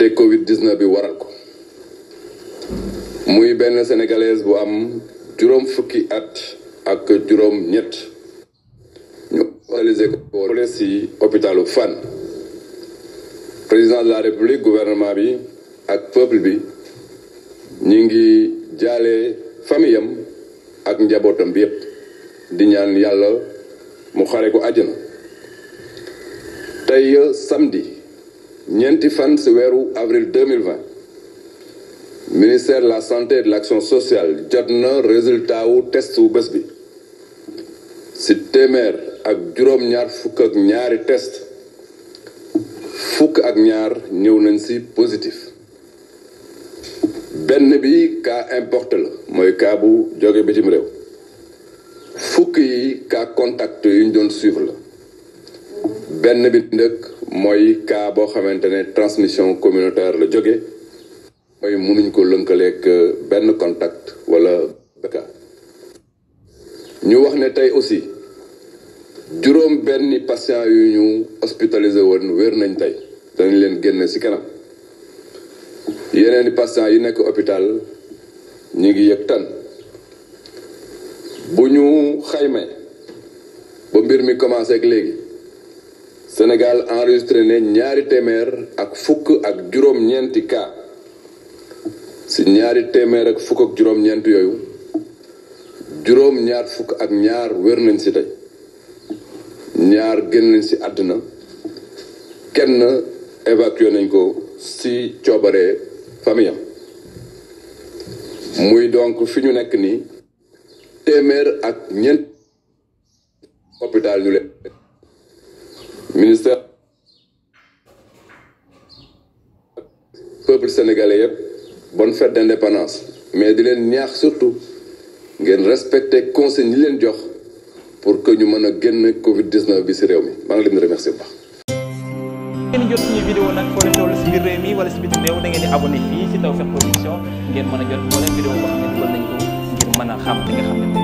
te Covid 19 bi waral ko muy benn sénégalaise bu am juróom fukki at ak juróom ñett ñu réalisé ko ci hôpitalu Fann président de la république gouvernement bi ak peuple bi ñu ngi jaalee famille ak njabootam bi yëpp di ñaan yàlla mu xare ko àjjana tey samedi ñeenti fan si weeru avril 2020 ministère de la santé et de l'action sociale jot na résultat wu test wu bés bi si téeméer ak juróom-ñaar fukk ak ñaari test fukk ak ñaar ñëw nañ si positif benn bi cas importe la mooy cas bu jóge bitim réew fukk yi cas contact yu doon suivre la benn bi ndëkk mooy kaa boo xamante ne transmission communautaire la jóge mooy mënuñ ko lënkaleeg euh, benn contact wala béka ñu wax ne tey aussi juróom benni patient yu ñu hospitalisé woon wér nañ tey danañ leen génne ci kanam yeneeni patient yi nekk hôpital ñi ngi yëg tan bu ñu xaymee ba mbir mi commencé ak léegi Sénégal enregistré ne ñaari téeméer ak fukk ak juróom-ñeenti cas si ñaari téeméer ak fukk ak juróom-ñeent yooyu juróom-ñaar fukk ak ñaar wér nañ si tey ñaar génn nañ si àdduna kenn évacué nañ ko ci coobaree famille muy donc fi ñu nekk nii téeméer ak ñeent hôpital ñu leen ministère peuple sénégalais yëpp bonne fête d'indépendance mais di leen ñaax surtout ngeen respecté conseil yi leen jox pour que ñu mën a génn Covid 19 bi ci réew mi maa ngi remercier bu baax. ngeen réew mi wala ci bitim réew da ngeen di abonné ngeen mën a jot moo leen vidéo boo xam ne ngir mën a xam li xam ne.